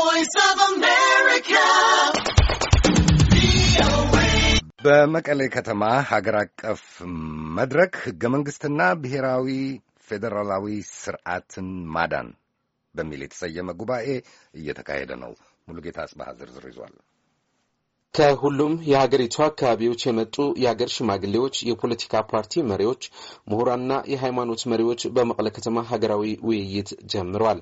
voice በመቀሌ ከተማ ሀገር አቀፍ መድረክ ህገ መንግስትና ብሔራዊ ፌዴራላዊ ስርዓትን ማዳን በሚል የተሰየመ ጉባኤ እየተካሄደ ነው። ሙሉጌታ አጽባሃ ዝርዝር ይዟል። ከሁሉም የሀገሪቱ አካባቢዎች የመጡ የሀገር ሽማግሌዎች፣ የፖለቲካ ፓርቲ መሪዎች፣ ምሁራንና የሃይማኖት መሪዎች በመቀለ ከተማ ሀገራዊ ውይይት ጀምረዋል።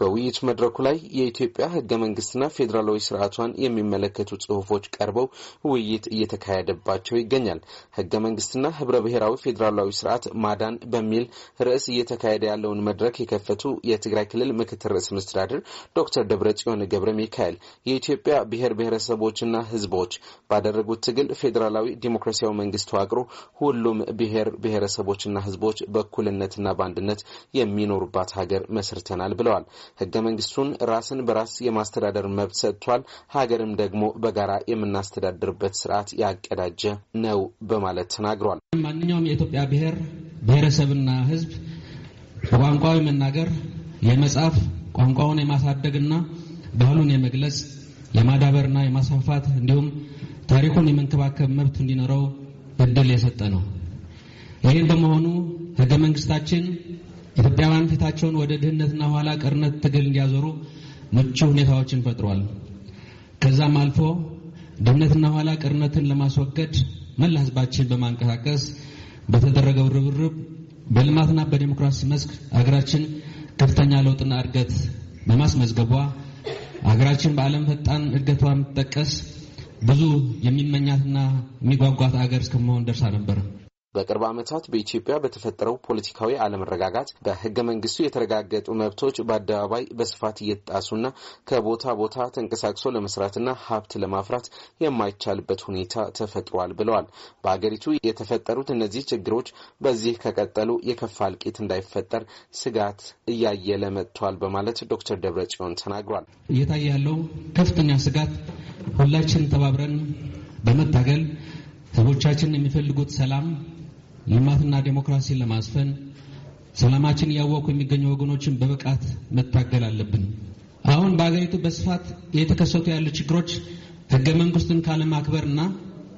በውይይቱ መድረኩ ላይ የኢትዮጵያ ህገ መንግስትና ፌዴራላዊ ስርዓቷን የሚመለከቱ ጽሁፎች ቀርበው ውይይት እየተካሄደባቸው ይገኛል። ህገ መንግስትና ህብረ ብሔራዊ ፌዴራላዊ ስርዓት ማዳን በሚል ርዕስ እየተካሄደ ያለውን መድረክ የከፈቱ የትግራይ ክልል ምክትል ርዕስ መስተዳድር ዶክተር ደብረ ጽዮን ገብረ ሚካኤል የኢትዮጵያ ብሔር ብሔረሰቦችና ህዝቦች ባደረጉት ትግል ፌዴራላዊ ዲሞክራሲያዊ መንግስት ተዋቅሮ ሁሉም ብሔር ብሔረሰቦችና ህዝቦች በእኩልነትና በአንድነት የሚኖሩባት ሀገር መስርተናል ብለዋል። ህገ መንግስቱን ራስን በራስ የማስተዳደር መብት ሰጥቷል። ሀገርም ደግሞ በጋራ የምናስተዳድርበት ስርዓት ያቀዳጀ ነው በማለት ተናግሯል። ማንኛውም የኢትዮጵያ ብሔር ብሔረሰብና ህዝብ በቋንቋዊ መናገር የመጻፍ ቋንቋውን የማሳደግና ባህሉን የመግለጽ ለማዳበርና የማስፋፋት እንዲሁም ታሪኩን የመንከባከብ መብት እንዲኖረው እድል የሰጠ ነው። ይህም በመሆኑ ህገ መንግስታችን ኢትዮጵያውያን ፊታቸውን ወደ ድህነትና ኋላ ቀርነት ትግል እንዲያዞሩ ምቹ ሁኔታዎችን ፈጥሯል። ከዛም አልፎ ድህነትና ኋላ ቀርነትን ለማስወገድ መላ ህዝባችን በማንቀሳቀስ በተደረገው ርብርብ በልማትና በዲሞክራሲ መስክ አገራችን ከፍተኛ ለውጥና እድገት በማስመዝገቧ ሀገራችን በዓለም ፈጣን እድገቷ የምትጠቀስ ብዙ የሚመኛትና የሚጓጓት አገር እስከመሆን ደርሳ ነበር። በቅርብ ዓመታት በኢትዮጵያ በተፈጠረው ፖለቲካዊ አለመረጋጋት በህገ መንግስቱ የተረጋገጡ መብቶች በአደባባይ በስፋት እየተጣሱና ከቦታ ቦታ ተንቀሳቅሶ ለመስራትና ሀብት ለማፍራት የማይቻልበት ሁኔታ ተፈጥሯል ብለዋል። በሀገሪቱ የተፈጠሩት እነዚህ ችግሮች በዚህ ከቀጠሉ የከፋ እልቂት እንዳይፈጠር ስጋት እያየለ መጥቷል በማለት ዶክተር ጽዮን ተናግሯል። እየታየ ያለው ከፍተኛ ስጋት ሁላችን ተባብረን በመታገል ህዝቦቻችን የሚፈልጉት ሰላም ልማትና ዴሞክራሲን ለማስፈን ሰላማችን እያወቁ የሚገኙ ወገኖችን በብቃት መታገል አለብን። አሁን በሀገሪቱ በስፋት እየተከሰቱ ያሉ ችግሮች ህገ መንግስቱን ካለማክበርና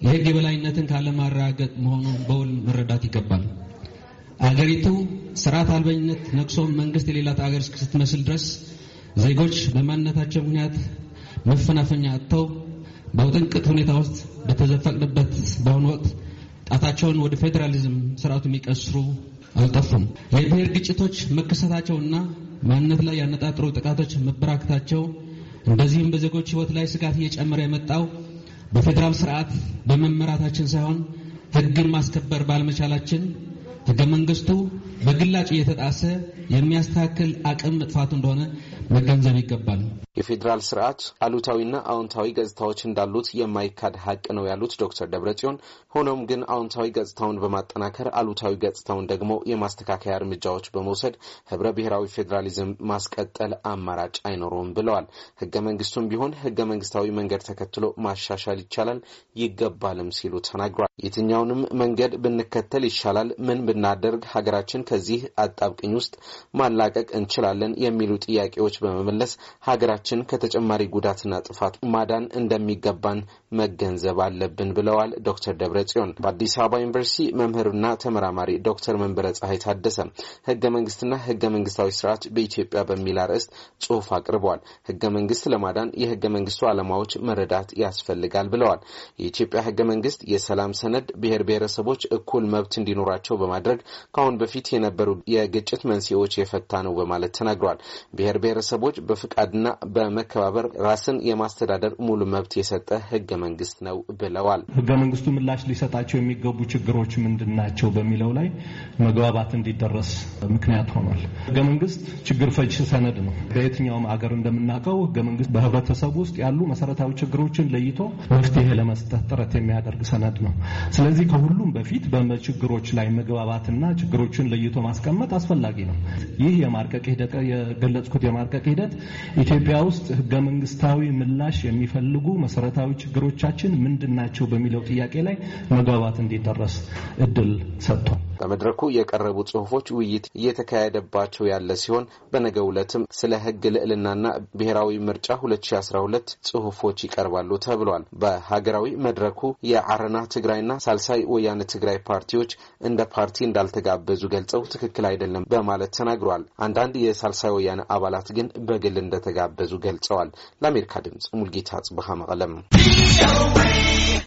የህግ የበላይነትን ካለማረጋገጥ መሆኑን በውል መረዳት ይገባል። አገሪቱ ስርዓት አልበኝነት ነቅሶ መንግስት የሌላት አገር ስትመስል ድረስ ዜጎች በማንነታቸው ምክንያት መፈናፈኛ አጥተው በውጥንቅጥ ሁኔታ ውስጥ በተዘፈቅንበት በአሁኑ ወቅት ጣታቸውን ወደ ፌዴራሊዝም ስርዓቱ የሚቀስሩ አልጠፉም። የብሔር ግጭቶች መከሰታቸውና ማንነት ላይ ያነጣጠሩ ጥቃቶች መበራከታቸው እንደዚህም በዜጎች ህይወት ላይ ስጋት እየጨመረ የመጣው በፌዴራል ስርዓት በመመራታችን ሳይሆን ህግን ማስከበር ባለመቻላችን ህገ መንግስቱ በግላጭ እየተጣሰ የሚያስተካክል አቅም መጥፋቱ እንደሆነ መገንዘብ ይገባል። የፌዴራል ስርዓት አሉታዊና አዎንታዊ ገጽታዎች እንዳሉት የማይካድ ሀቅ ነው ያሉት ዶክተር ደብረጽዮን ሆኖም ግን አዎንታዊ ገጽታውን በማጠናከር አሉታዊ ገጽታውን ደግሞ የማስተካከያ እርምጃዎች በመውሰድ ህብረ ብሔራዊ ፌዴራሊዝም ማስቀጠል አማራጭ አይኖረውም ብለዋል። ህገ መንግስቱም ቢሆን ህገ መንግስታዊ መንገድ ተከትሎ ማሻሻል ይቻላል ይገባልም ሲሉ ተናግሯል። የትኛውንም መንገድ ብንከተል ይሻላል፣ ምን ብናደርግ ሀገራችን ከዚህ አጣብቅኝ ውስጥ ማላቀቅ እንችላለን የሚሉ ጥያቄዎች በመመለስ ሀገራችን ከተጨማሪ ጉዳትና ጥፋት ማዳን እንደሚገባን መገንዘብ አለብን ብለዋል ዶክተር ደብረ ጽዮን። በአዲስ አበባ ዩኒቨርሲቲ መምህርና ተመራማሪ ዶክተር መንበረ ፀሐይ ታደሰ ህገ መንግስትና ህገ መንግስታዊ ስርዓት በኢትዮጵያ በሚል አርዕስት ጽሁፍ አቅርበዋል። ህገ መንግስት ለማዳን የህገ መንግስቱ ዓላማዎች መረዳት ያስፈልጋል ብለዋል። የኢትዮጵያ ህገ መንግስት የሰላም ሰነድ ብሔር ብሔረሰቦች እኩል መብት እንዲኖራቸው በማድረግ ከአሁን በፊት የነበሩ የግጭት መንስኤዎች የፈታ ነው በማለት ተናግሯል። ብሔር ብሔረሰቦች በፍቃድና በመከባበር ራስን የማስተዳደር ሙሉ መብት የሰጠ ህገ መንግስት ነው ብለዋል። ህገ መንግስቱ ምላሽ ሊሰጣቸው የሚገቡ ችግሮች ምንድን ናቸው በሚለው ላይ መግባባት እንዲደረስ ምክንያት ሆኗል። ህገ መንግስት ችግር ፈጅ ሰነድ ነው። በየትኛውም አገር እንደምናውቀው ህገ መንግስት በህብረተሰብ ውስጥ ያሉ መሰረታዊ ችግሮችን ለይቶ መፍትሄ ለመስጠት ጥረት የሚያደርግ ሰነድ ነው። ስለዚህ ከሁሉም በፊት በችግሮች ላይ መግባባትና ችግሮችን ለይቶ ማስቀመጥ አስፈላጊ ነው። ይህ የማርቀቅ ሂደት የገለጽኩት የማርቀቅ ሂደት ኢትዮጵያ ውስጥ ህገ መንግስታዊ ምላሽ የሚፈልጉ መሰረታዊ ችግሮቻችን ምንድን ናቸው በሚለው ጥያቄ ላይ መግባባት እንዲደረስ እድል ሰጥቷል። በመድረኩ የቀረቡ ጽሁፎች ውይይት እየተካሄደባቸው ያለ ሲሆን በነገው ዕለትም ስለ ህግ ልዕልናና ብሔራዊ ምርጫ 2012 ጽሁፎች ይቀርባሉ ተብሏል። በሀገራዊ መድረኩ የአረና ትግራይና ሳልሳይ ወያነ ትግራይ ፓርቲዎች እንደ ፓርቲ እንዳልተጋበዙ ገልጸው ትክክል አይደለም በማለት ተናግረዋል። አንዳንድ የሳልሳይ ወያነ አባላት ግን በግል እንደተጋበዙ ገልጸዋል። ለአሜሪካ ድምጽ ሙልጌታ ጽብሃ መቀለም